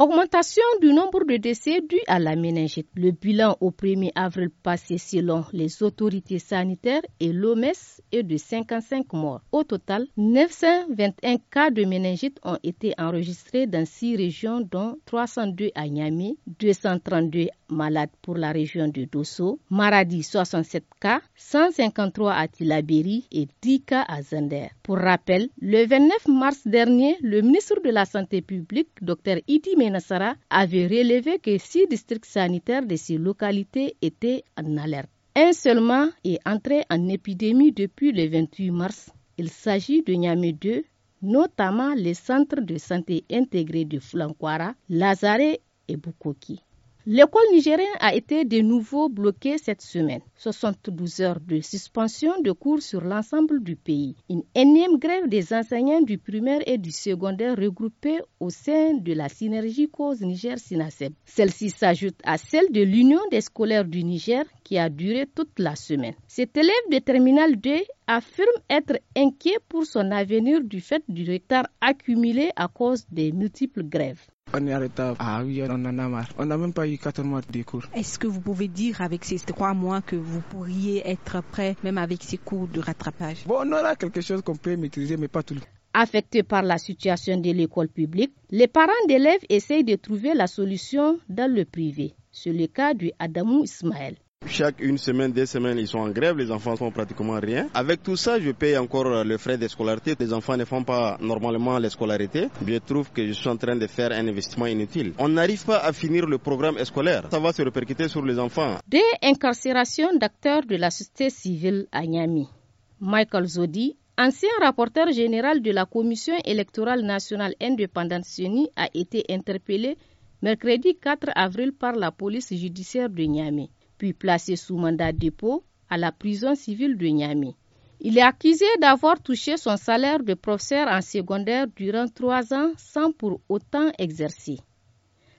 Augmentation du nombre de décès dus à la méningite. Le bilan au 1er avril passé selon les autorités sanitaires et l'OMS est de 55 morts. Au total, 921 cas de méningite ont été enregistrés dans 6 régions dont 302 à Niamey, 232 malades pour la région de Dosso, Maradi 67 cas, 153 à Tilaberi et 10 cas à Zander. Pour rappel, le 29 mars dernier, le ministre de la Santé publique, Dr Idi Ménagit, Nasara Nassara relevé que six districts sanitaires de ces localités étaient en alerte. Un seulement est entré en épidémie depuis le 28 mars. Il s'agit de Niamey 2, notamment les centres de santé intégrés de Flankwara, Lazare et Bukoki. L'école nigérienne a été de nouveau bloquée cette semaine. 72 heures de suspension de cours sur l'ensemble du pays. Une énième grève des enseignants du primaire et du secondaire regroupés au sein de la synergie cause Niger-Sinaseb. Celle-ci s'ajoute à celle de l'Union des scolaires du Niger qui a duré toute la semaine. Cet élève de Terminal 2 affirme être inquiet pour son avenir du fait du retard accumulé à cause des multiples grèves. On est arrêté Ah oui, on en a marre. On n'a même pas eu quatre mois de cours. Est-ce que vous pouvez dire avec ces trois mois que vous pourriez être prêt, même avec ces cours de rattrapage Bon, on aura quelque chose qu'on peut maîtriser, mais pas tout le Affectés par la situation de l'école publique, les parents d'élèves essayent de trouver la solution dans le privé. C'est le cas du Adamou Ismaël. Chaque une semaine, deux semaines, ils sont en grève, les enfants font pratiquement rien. Avec tout ça, je paye encore le frais de scolarité. Les enfants ne font pas normalement les scolarités. Je trouve que je suis en train de faire un investissement inutile. On n'arrive pas à finir le programme scolaire. Ça va se répercuter sur les enfants. Des incarcérations d'acteurs de la société civile à Niami. Michael Zodi, ancien rapporteur général de la Commission électorale nationale indépendante SUNY, a été interpellé mercredi 4 avril par la police judiciaire de Niamey puis placé sous mandat dépôt à la prison civile de Niamey. Il est accusé d'avoir touché son salaire de professeur en secondaire durant trois ans sans pour autant exercer.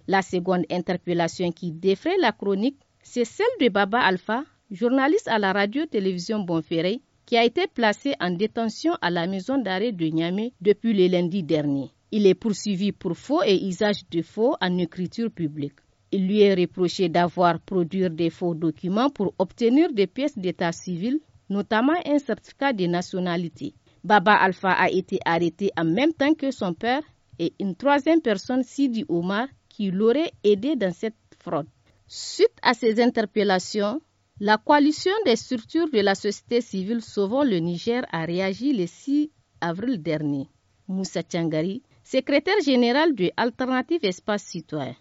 La seconde interpellation qui défraie la chronique, c'est celle de Baba Alpha, journaliste à la radio-télévision Bonferré, qui a été placé en détention à la maison d'arrêt de Niamey depuis le lundi dernier. Il est poursuivi pour faux et usage de faux en écriture publique. Il lui est reproché d'avoir produit des faux documents pour obtenir des pièces d'état civil, notamment un certificat de nationalité. Baba Alpha a été arrêté en même temps que son père et une troisième personne, Sidi Omar, qui l'aurait aidé dans cette fraude. Suite à ces interpellations, la coalition des structures de la société civile Sauvant le Niger a réagi le 6 avril dernier. Moussa Tchangari, secrétaire général de Alternative Espace Citoyen,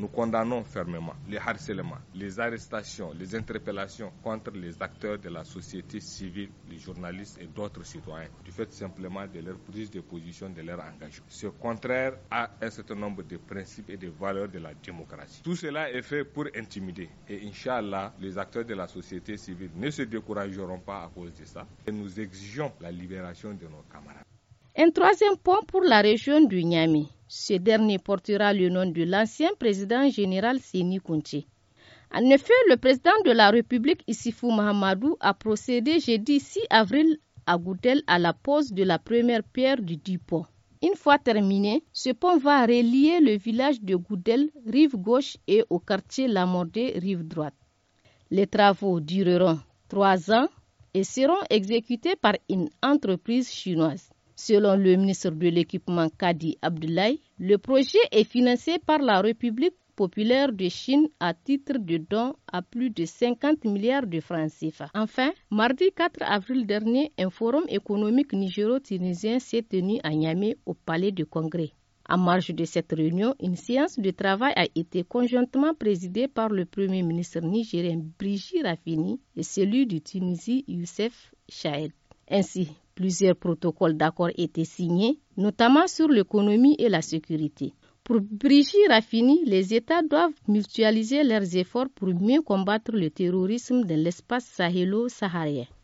nous condamnons fermement les harcèlements, les arrestations, les interpellations contre les acteurs de la société civile, les journalistes et d'autres citoyens, du fait simplement de leur prise de position, de leur engagement. C'est contraire à un certain nombre de principes et de valeurs de la démocratie. Tout cela est fait pour intimider. Et Inch'Allah, les acteurs de la société civile ne se décourageront pas à cause de ça. Et nous exigeons la libération de nos camarades. Un troisième pont pour la région du Niamey. Ce dernier portera le nom de l'ancien président général Sini Kunti. En effet, le président de la République Issifou Mahamadou a procédé jeudi 6 avril à Goudel à la pose de la première pierre du Dupont. Une fois terminé, ce pont va relier le village de Goudel, rive gauche, et au quartier Lamordé, rive droite. Les travaux dureront trois ans et seront exécutés par une entreprise chinoise. Selon le ministre de l'équipement Kadi Abdoulaye, le projet est financé par la République populaire de Chine à titre de don à plus de 50 milliards de francs CFA. Enfin, mardi 4 avril dernier, un forum économique nigéro-tunisien s'est tenu à Niamey au Palais du Congrès. En marge de cette réunion, une séance de travail a été conjointement présidée par le Premier ministre nigérien Brigitte Raffini et celui de Tunisie Youssef Chahed. Ainsi, Plusieurs protocoles d'accord étaient signés, notamment sur l'économie et la sécurité. Pour Brigitte Raffini, les États doivent mutualiser leurs efforts pour mieux combattre le terrorisme dans l'espace sahélo-saharien.